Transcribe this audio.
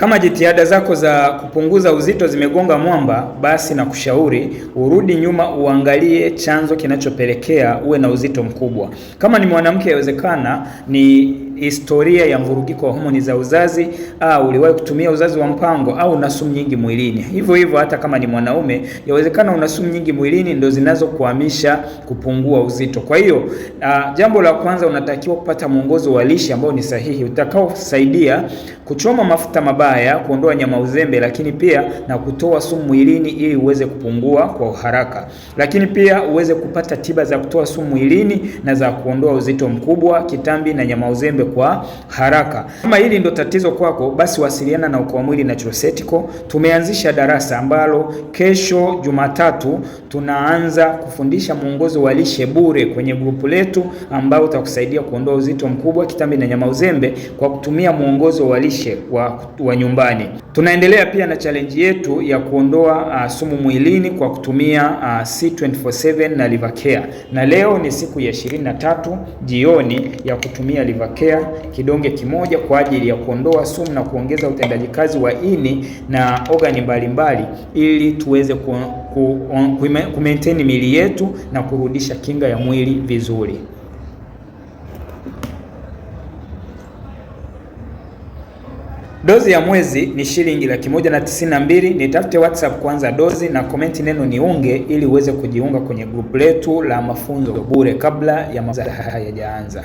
Kama jitihada zako za kupunguza uzito zimegonga mwamba, basi na kushauri urudi nyuma, uangalie chanzo kinachopelekea uwe na uzito mkubwa. Kama ni mwanamke, yawezekana ni historia ya mvurugiko wa homoni za uzazi, au uliwahi kutumia uzazi wa mpango, au una sumu nyingi mwilini. Hivyo hivyo, hata kama ni mwanaume, yawezekana una sumu nyingi mwilini ndio zinazokuhamisha kupungua uzito. Kwa hiyo uh, jambo la kwanza unatakiwa kupata mwongozo wa lishe ambao ni sahihi utakaosaidia kuchoma mafuta mabaya mbaya, kuondoa nyama uzembe, lakini pia na kutoa sumu mwilini ili uweze kupungua kwa haraka, lakini pia uweze kupata tiba za kutoa sumu mwilini na za kuondoa uzito mkubwa, kitambi na nyama uzembe kwa haraka. Kama hili ndo tatizo kwako, basi wasiliana na Okoa Mwili Natural Ceutical. Tumeanzisha darasa ambalo kesho Jumatatu tunaanza kufundisha mwongozo wa lishe bure kwenye grupu letu ambao utakusaidia kuondoa uzito mkubwa, kitambi na nyama uzembe kwa kutumia mwongozo wa lishe wa, wa nyumbani. Tunaendelea pia na challenge yetu ya kuondoa uh, sumu mwilini kwa kutumia uh, C247 na Care. na leo ni siku ya 23 jioni ya kutumia Care kidonge kimoja kwa ajili ya kuondoa sumu na kuongeza utendaji kazi wa ini na ogani mbalimbali ili tuweze ku, ku, ku, ku maintain miili yetu na kurudisha kinga ya mwili vizuri. Dozi ya mwezi ni shilingi laki moja na tisini na mbili. Nitafute WhatsApp kwanza dozi na komenti neno niunge ili uweze kujiunga kwenye grupu letu la mafunzo bure kabla ya mafunzo hayajaanza.